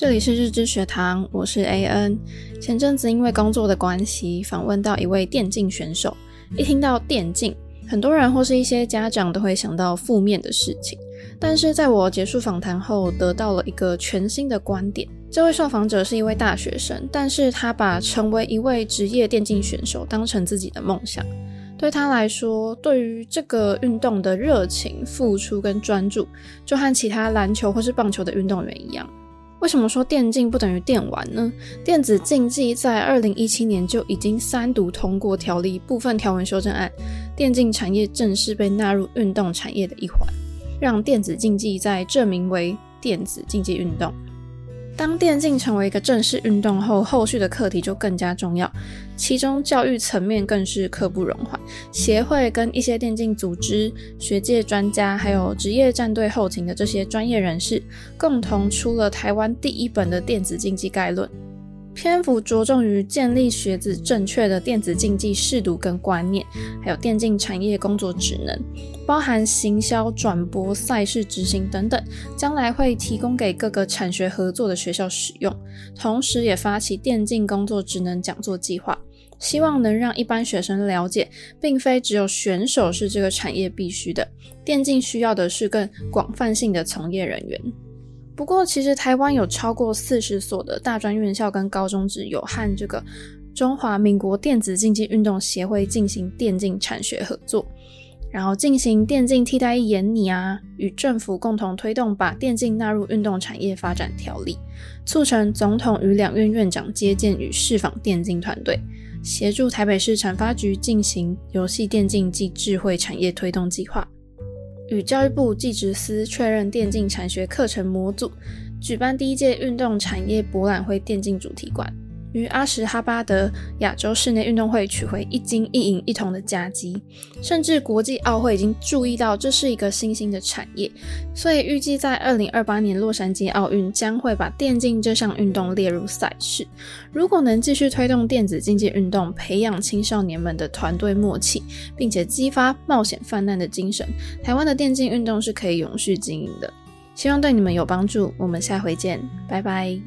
這裡是日之學堂，我是 AN。前陣子因為工作的關係，訪問到一位電競選手。一聽到電競，很多人或是一些家長都會想到負面的事情。但是在我結束訪談後，得到了一個全新的觀點。這位受訪者是一位大學生，但是他把成為一位職業電競選手當成自己的夢想。對他來說，對於這個運動的熱情、付出跟專注，就和其他籃球或是棒球的運動員一樣。為什麼說電競不等於電玩呢？電子競技在二零一七年就已經三讀通過條例部分條文修正案，電競產業正式被納入運動產業的一環，讓電子競技再正名為電子競技運動。當電競成為一個正式運動後，後續的課題就更加重要，其中教育層面更是刻不容緩。協會跟一些電競組織、學界專家，還有職業戰隊後勤的這些專業人士，共同出了台灣第一本的電子競技概論。篇幅着重於建立學子正確的電子競技識讀跟觀念，還有電競產業工作職能，包含行銷、轉播、賽事執行等等，將來會提供給各個產學合作的學校使用，同時也發起電競工作職能講座計劃，希望能讓一般學生了解，並非只有選手是這個產業必須的，電競需要的是更廣泛性的從業人員。不過，其實台灣有超過四十所的大專院校跟高中職有和這個中華民國電子競技運動協會進行電競產學合作，然後進行電競替代研擬啊，與政府共同推動把電競納入運動產業發展條例，促成總統與兩院院長接見與釋放電競團隊，協助台北市產發局進行遊戲電競及智慧產業推動計劃。與教育部技職司確認電競產學課程模組，舉辦第一屆運動產業博覽會電競主題館。於阿什哈巴德亞洲室內運動會取回一金一銀一銅的佳績，甚至國際奧會已經注意到這是一個新興的產業，所以預計在二零二八年洛杉磯奧運將會把電競這項運動列入賽事。如果能繼續推動電子競技運動，培養青少年們的團隊默契，並且激發冒險犯難的精神，台灣的電競運動是可以永續經營的。希望對你們有幫助，我們下回見，拜拜。